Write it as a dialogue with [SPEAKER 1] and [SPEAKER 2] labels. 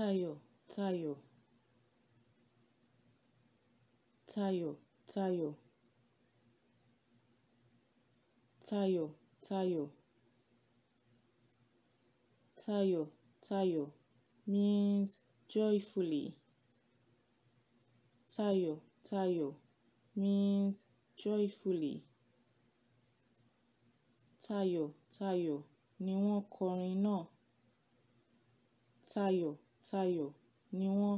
[SPEAKER 1] Tayo, Tayo, Tayo, Tayo, Tayo, Tayo means joyfully Tayo, Tayo means joyfully Tayo, ni wọ́n kọrin náà tayọ̀ tayọ ni wọ́n